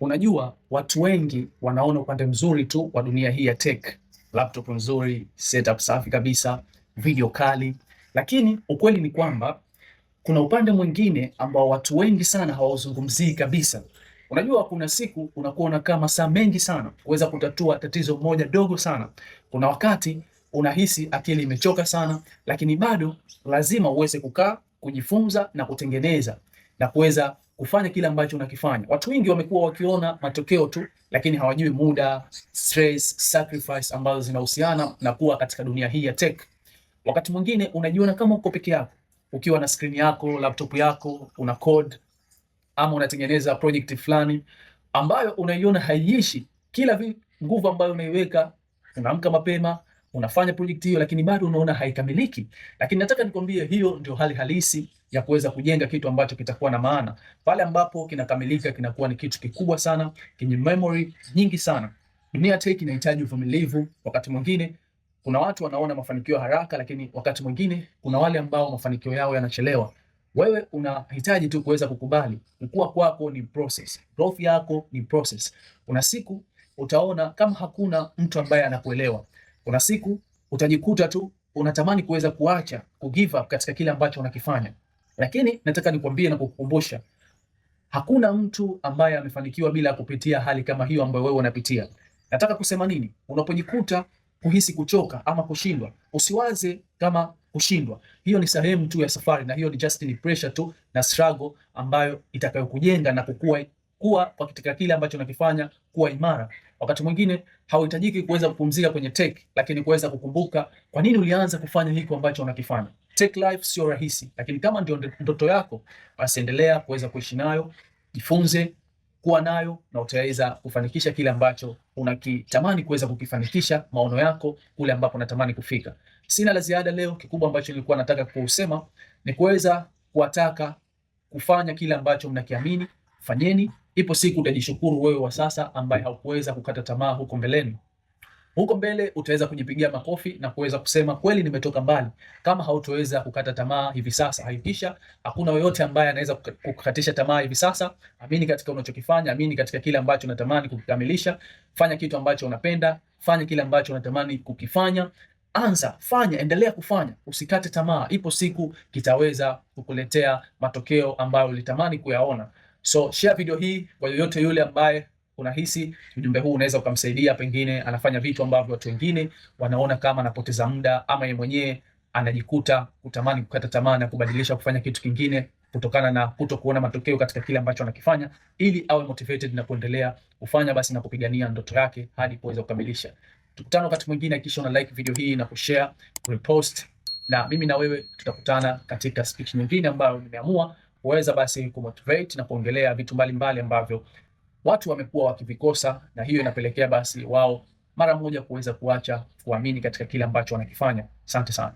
Unajua, watu wengi wanaona upande mzuri tu wa dunia hii ya tech, laptop nzuri, setup safi kabisa, video kali, lakini ukweli ni kwamba kuna upande mwingine ambao watu wengi sana hawauzungumzii kabisa. Unajua, kuna siku unakuwa unakaa masaa mengi sana kuweza kutatua tatizo moja dogo sana. Kuna wakati unahisi akili imechoka sana, lakini bado lazima uweze kukaa kujifunza na kutengeneza na kuweza kufanya kile ambacho unakifanya. Watu wengi wamekuwa wakiona matokeo tu, lakini hawajui muda, stress, sacrifice ambazo zinahusiana na kuwa katika dunia hii ya tech. Wakati mwingine unajiona kama uko peke yako ukiwa na skrini yako, laptop yako, una code ama unatengeneza project fulani ambayo unaiona haiishi kila nguvu ambayo unaiweka. Unaamka mapema unafanya project hiyo, lakini bado unaona haikamiliki. Lakini nataka nikwambie, hiyo ndio hali halisi ya kuweza kujenga kitu ambacho kitakuwa na maana. Pale ambapo kinakamilika, kinakuwa ni kitu kikubwa sana, kenye memory nyingi sana. Dunia Tech inahitaji uvumilivu. Wakati mwingine kuna watu wanaona mafanikio haraka, lakini wakati mwingine kuna wale ambao mafanikio yao yanachelewa. Wewe unahitaji tu kuweza kukubali kukua kwako ni process. Growth yako ni process. Kuna siku utaona kama hakuna mtu ambaye anakuelewa kuna siku utajikuta tu unatamani kuweza kuacha ku give up katika kile ambacho unakifanya, lakini nataka nikwambie na kukukumbusha, hakuna mtu ambaye amefanikiwa bila kupitia hali kama hiyo ambayo wewe unapitia. Nataka kusema nini? Unapojikuta kuhisi kuchoka ama kushindwa, usiwaze kama kushindwa. Hiyo ni sehemu tu ya safari, na hiyo ni just ni pressure tu na struggle ambayo itakayokujenga na kukua kuwa kwa katika kile ambacho unakifanya, kuwa imara. Wakati mwingine hauhitajiki kuweza kupumzika kwenye tech, lakini kuweza kukumbuka kwa nini ulianza kufanya hiko ambacho unakifanya. Tech life sio rahisi, lakini kama ndio ndoto yako, basi endelea kuweza kuishi nayo, jifunze kuwa nayo na utaweza kufanikisha kile ambacho unakitamani kuweza kukifanikisha, maono yako kule ambapo unatamani kufika. Sina la ziada leo. Kikubwa ambacho nilikuwa nataka kusema ni kuweza kuwataka kufanya kile ambacho mnakiamini, fanyeni Ipo siku utajishukuru wewe wa sasa ambaye haukuweza kukata tamaa huko mbeleni. Huko mbele utaweza kujipigia makofi na kuweza kusema kweli, nimetoka mbali. Kama hautoweza kukata tamaa hivi sasa, hakikisha hakuna yoyote ambaye anaweza kukatisha tamaa hivi sasa. Amini katika unachokifanya, amini katika kile ambacho unatamani kukikamilisha. Fanya kitu ambacho unapenda, fanya kile ambacho unatamani kukifanya. Anza, fanya, endelea kufanya, usikate tamaa. Ipo siku kitaweza kukuletea matokeo ambayo ulitamani kuyaona. So share video hii kwa yoyote yule ambaye unahisi ujumbe huu unaweza ukamsaidia, pengine anafanya vitu ambavyo watu wengine wanaona kama anapoteza muda ama yeye mwenyewe anajikuta kutamani kukata tamaa na kubadilisha kufanya kitu kingine kutokana na kuto kuona matokeo katika kile ambacho anakifanya, ili awe motivated na kuendelea kufanya basi na kupigania ndoto yake hadi kuweza kukamilisha. Tukutane wakati mwingine, hakikisha una like video hii na kushare, repost, na mimi na wewe tutakutana katika speech nyingine ambayo nimeamua kuweza basi kumotivate na kuongelea vitu mbalimbali ambavyo watu wamekuwa wakivikosa, na hiyo inapelekea basi wao mara moja kuweza kuacha kuamini katika kile ambacho wanakifanya. Asante sana.